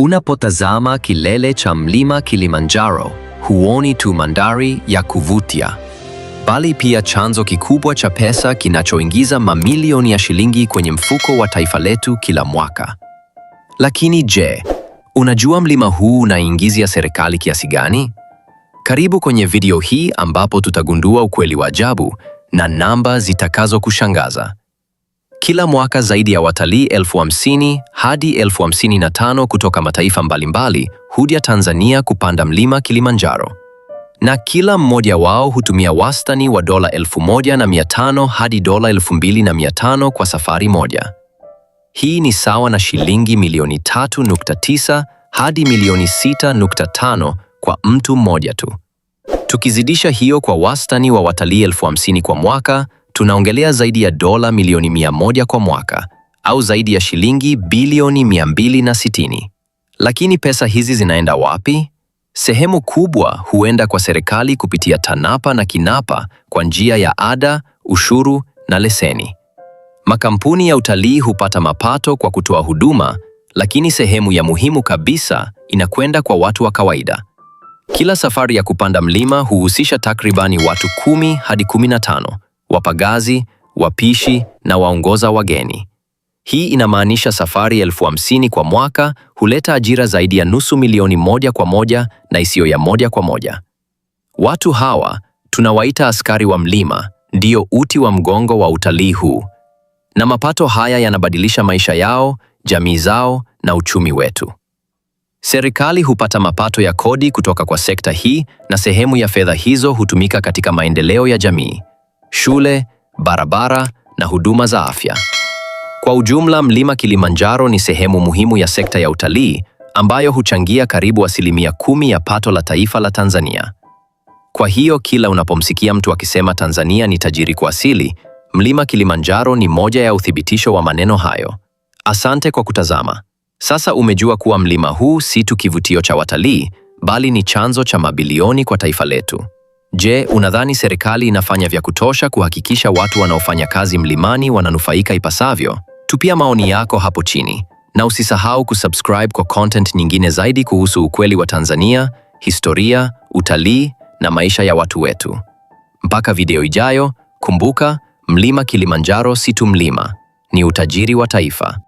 Unapotazama kilele cha mlima Kilimanjaro, huoni tu mandhari ya kuvutia, bali pia chanzo kikubwa cha pesa kinachoingiza mamilioni ya shilingi kwenye mfuko wa taifa letu kila mwaka. Lakini je, unajua mlima huu unaingizia serikali kiasi gani? Karibu kwenye video hii ambapo tutagundua ukweli wa ajabu na namba zitakazo kushangaza. Kila mwaka zaidi ya watalii elfu hamsini hadi elfu hamsini na tano kutoka mataifa mbalimbali huja Tanzania kupanda mlima Kilimanjaro, na kila mmoja wao hutumia wastani wa dola elfu moja na mia tano hadi dola elfu mbili na mia tano kwa safari moja. Hii ni sawa na shilingi milioni 3.9 hadi milioni 6.5 kwa mtu mmoja tu. Tukizidisha hiyo kwa wastani wa watalii elfu hamsini kwa mwaka tunaongelea zaidi ya dola milioni mia moja kwa mwaka au zaidi ya shilingi bilioni 260. Lakini pesa hizi zinaenda wapi? Sehemu kubwa huenda kwa serikali kupitia TANAPA na KINAPA kwa njia ya ada, ushuru na leseni. Makampuni ya utalii hupata mapato kwa kutoa huduma, lakini sehemu ya muhimu kabisa inakwenda kwa watu wa kawaida. Kila safari ya kupanda mlima huhusisha takribani watu kumi hadi 15 wapagazi, wapishi na waongoza wageni. Hii inamaanisha safari elfu hamsini kwa mwaka huleta ajira zaidi ya nusu milioni moja kwa moja na isiyo ya moja kwa moja. Watu hawa tunawaita askari wa mlima, ndiyo uti wa mgongo wa utalii huu, na mapato haya yanabadilisha maisha yao, jamii zao na uchumi wetu. Serikali hupata mapato ya kodi kutoka kwa sekta hii na sehemu ya fedha hizo hutumika katika maendeleo ya jamii shule, barabara na huduma za afya. Kwa ujumla, mlima Kilimanjaro ni sehemu muhimu ya sekta ya utalii ambayo huchangia karibu asilimia kumi ya pato la taifa la Tanzania. Kwa hiyo, kila unapomsikia mtu akisema Tanzania ni tajiri kwa asili, mlima Kilimanjaro ni moja ya uthibitisho wa maneno hayo. Asante kwa kutazama. Sasa umejua kuwa mlima huu si tu kivutio cha watalii, bali ni chanzo cha mabilioni kwa taifa letu. Je, unadhani serikali inafanya vya kutosha kuhakikisha watu wanaofanya kazi mlimani wananufaika ipasavyo? Tupia maoni yako hapo chini na usisahau kusubscribe kwa content nyingine zaidi kuhusu ukweli wa Tanzania, historia, utalii na maisha ya watu wetu. Mpaka video ijayo, kumbuka, mlima Kilimanjaro si tu mlima, ni utajiri wa taifa.